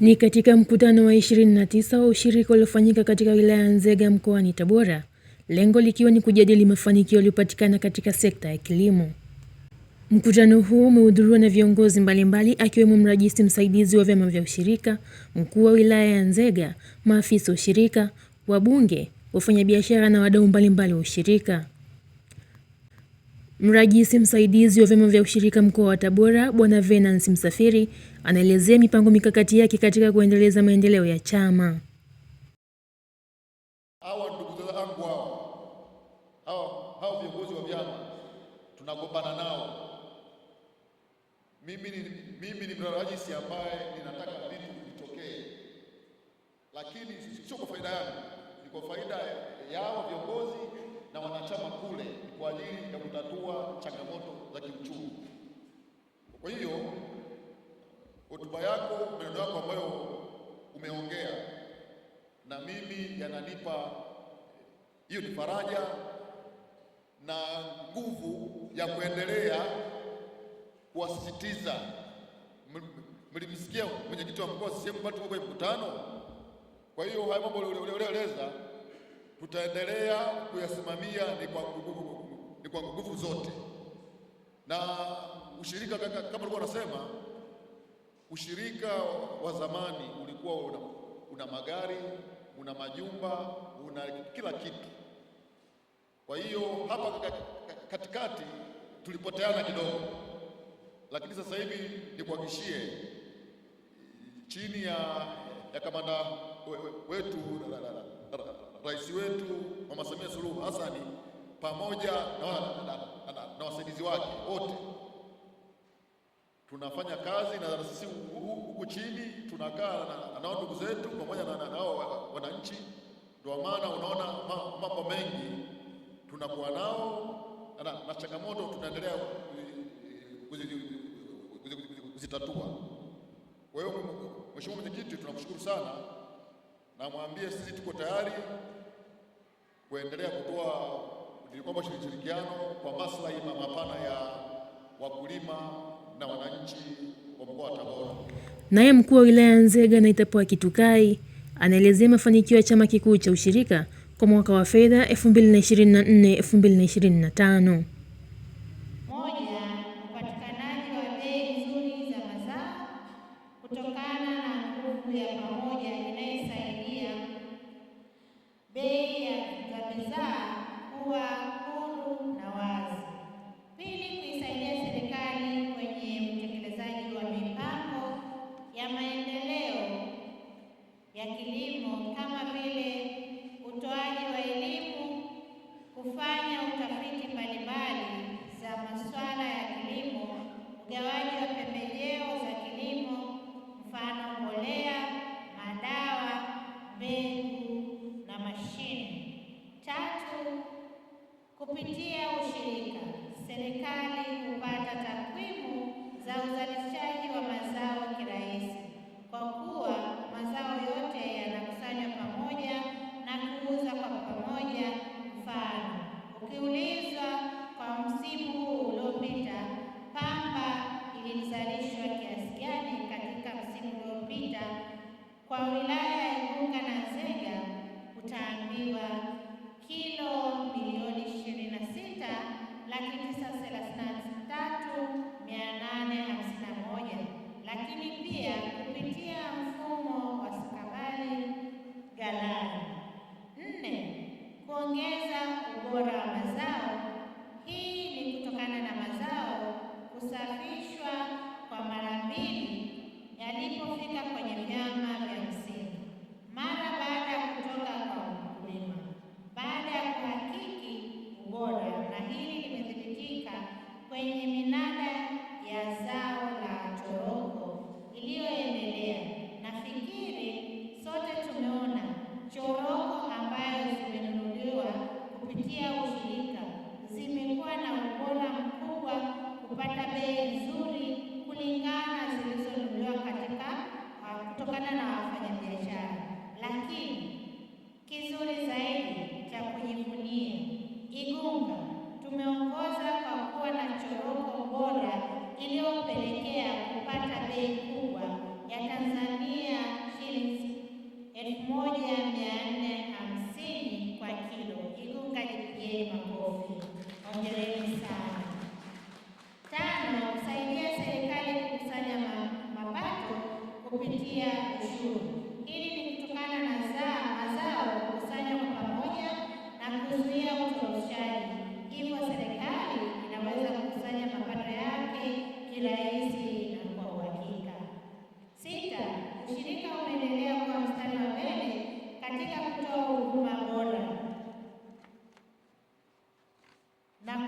Ni katika mkutano wa 29 wa ushirika uliofanyika katika wilaya ya Nzega mkoani Tabora, lengo likiwa ni kujadili mafanikio yaliyopatikana katika sekta ya kilimo. Mkutano huu umehudhuriwa na viongozi mbalimbali akiwemo mrajisi msaidizi wa vyama vya ushirika, mkuu wa wilaya ya Nzega, maafisa ushirika, wabunge, wafanyabiashara na wadau mbalimbali wa ushirika. Mrajisi msaidizi wa vyama vya ushirika mkoa wa Tabora Bwana Venance Msafiri anaelezea mipango mikakati yake katika kuendeleza maendeleo ya chama. Hawa ndugu zangu hao hao viongozi wa vyama tunagombana nao. Mimi ni mimi ni mrajisi ambaye ninataka vitu vitokee, lakini sio kwa faida yangu. Hiyo ni faraja na nguvu ya kuendelea kuwasisitiza. Mlimsikia mwenyekiti wa mkoa sehemu watu tuko kwenye mkutano. Kwa hiyo haya mambo ulioeleza tutaendelea kuyasimamia ni kwa nguvu zote, na ushirika kama ulikuwa anasema ushirika wa zamani ulikuwa una, una magari una majumba una kila kitu kwa hiyo hapa katikati tulipoteana kidogo, lakini sasa hivi nikuhakishie, chini ya, ya kamanda wetu rais wetu Mama Samia Suluhu Hassan pamoja na, na, na, na, na wasaidizi wake wote tunafanya kazi na sisi huku chini tunakaa na nao ndugu zetu pamoja na nao wananchi, ndio maana unaona mambo mengi tunakuwa nao na, na changamoto tunaendelea kuzitatua. Kwa hiyo Mheshimiwa Mwenyekiti, tunakushukuru sana, na mwambie sisi tuko tayari kuendelea kutoa kwamba shirikiano kwa maslahi mapana ya wakulima na wananchi wa mkoa wa Tabora. Naye mkuu wa wilaya ya Nzega naitapoa Kitukai anaelezea mafanikio ya chama kikuu cha ushirika kwa mwaka wa fedha 2024/2025. kusafishwa kwa mara mbili yalipofika kwenye vyama vya Hongereni sana. Tano, saidia serikali kukusanya mapato kupitia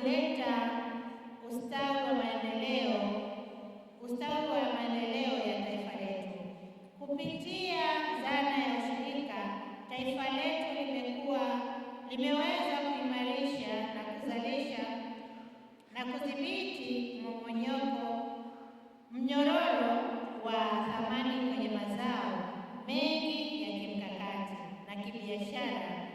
kuleta ustawi wa maendeleo, ustawi wa maendeleo ya taifa letu. Kupitia dhana ya ushirika, taifa letu limekuwa limeweza kuimarisha na kuzalisha na kudhibiti mmomonyoko mnyororo wa thamani kwenye mazao mengi ya kimkakati na kibiashara.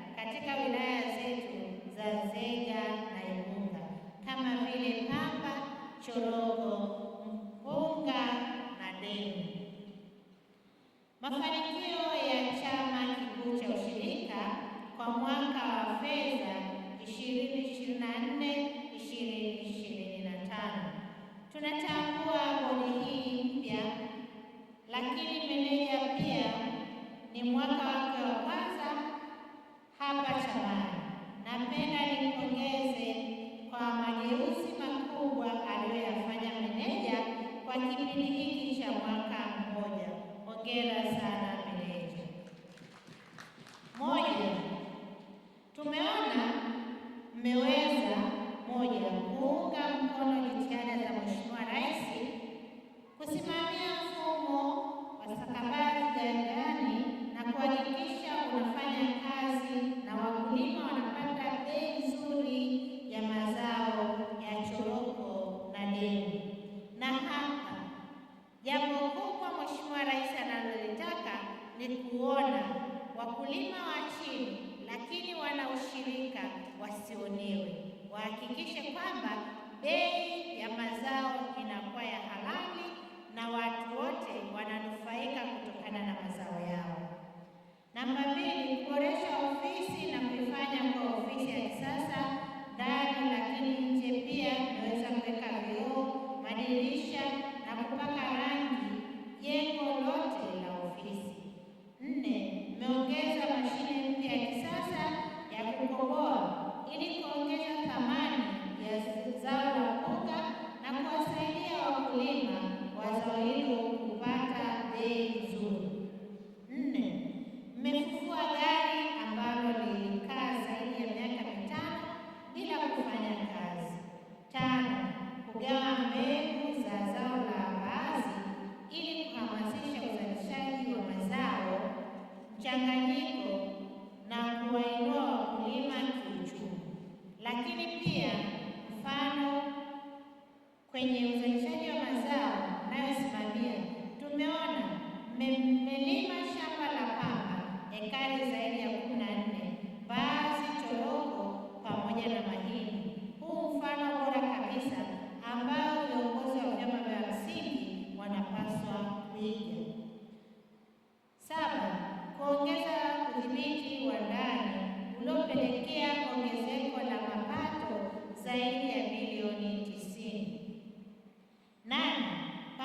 Gracias.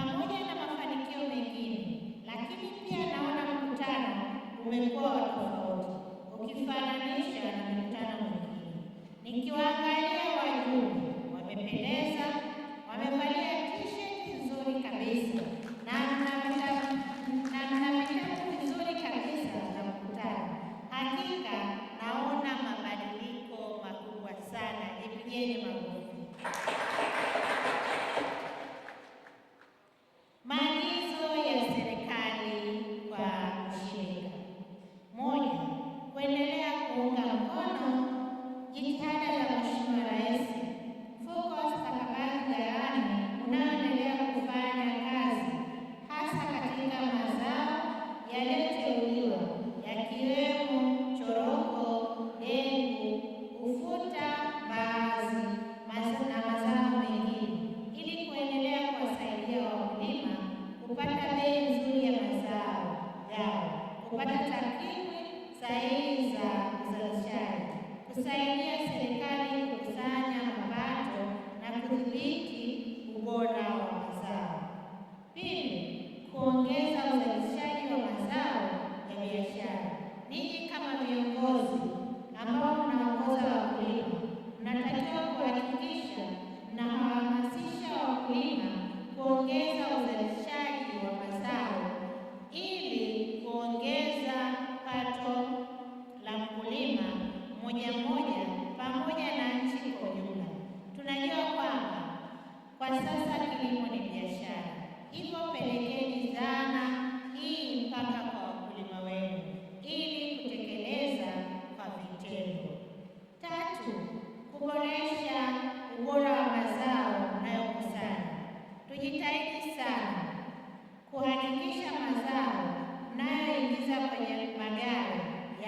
pamoja na mafanikio mengine, lakini pia naona mkutano umekuwa wa tofauti ukifananisha na mkutano mwingine. Nikiwaangalia wajumbe wamependeza, wamefanya kupata takwimu sahihi za uzalishaji, kusaidia serikali kukusanya mapato na kudhibiti ubora wa mazao. Pili, kuongeza uzalishaji wa mazao ya biashara. Ninyi kama viongozi ambao mnaongoza wakulima, mnatakiwa kuhakikisha na kuhamasisha wakulima kuongeza uzalishaji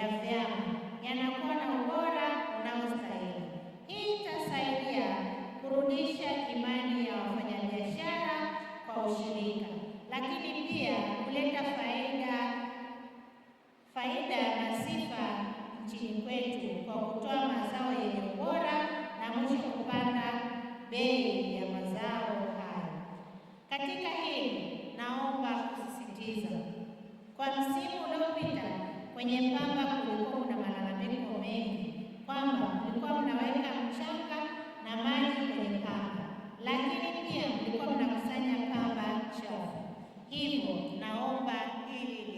ya vyama yanakuwa na ubora unaostahili. Hii itasaidia kurudisha imani ya wafanyabiashara kwa ushirika, lakini pia kuleta faida faida na sifa nchini kwetu kwa kutoa mazao yenye ubora na mwisho kupanda bei ya mazao hayo. Katika hili naomba kusisitiza kwa msimu uliopita kwenye pamba kulikuwa kuna malalamiko mengi kwamba mlikuwa mnaweka mchanga na maji kwenye pamba, lakini pia mlikuwa mnakusanya pamba chafu. Hivyo naomba hili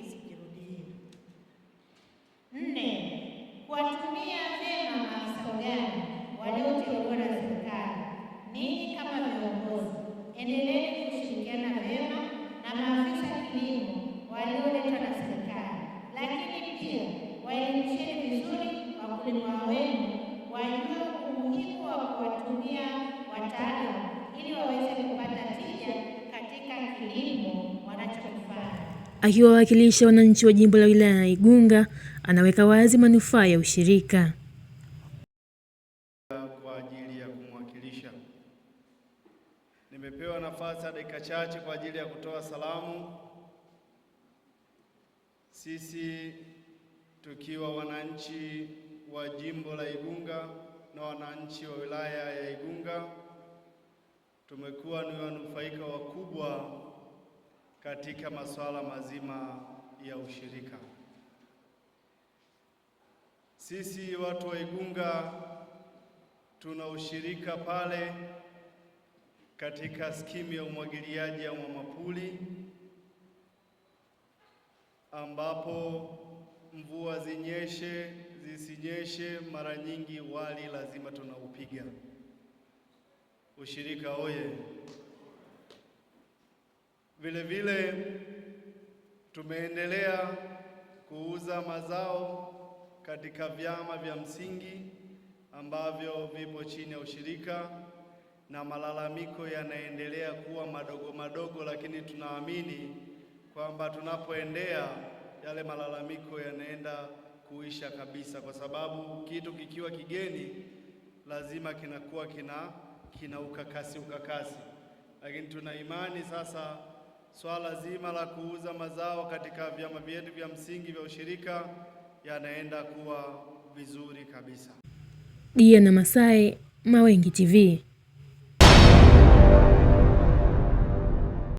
wakulima wenu wajue umuhimu wa kuwatumia wataalamu ili waweze kupata tija katika kilimo wanachokifanya. Akiwawakilisha wananchi wa jimbo la wilaya ya Igunga, anaweka wazi manufaa ya ushirika kwa ajili ya kumwakilisha. Nimepewa nafasi ya dakika chache kwa ajili ya kutoa salamu, sisi tukiwa wananchi wa jimbo la Igunga na wananchi wa wilaya ya Igunga tumekuwa ni wanufaika wakubwa katika masuala mazima ya ushirika. Sisi watu wa Igunga tuna ushirika pale katika skimu ya umwagiliaji ya Mwamapuli ambapo mvua zinyeshe zisinyeshe mara nyingi, wali lazima tunaupiga. Ushirika oye! Vile vile tumeendelea kuuza mazao katika vyama vya msingi ambavyo vipo chini ya ushirika, na malalamiko yanaendelea kuwa madogo madogo, lakini tunaamini kwamba tunapoendea yale malalamiko yanaenda kuisha kabisa, kwa sababu kitu kikiwa kigeni lazima kinakuwa kina, kina ukakasi ukakasi. Lakini tuna imani sasa swala zima la kuuza mazao katika vyama vyetu vya msingi vya ushirika yanaenda kuwa vizuri kabisa. Diana Masai, Mawengi TV.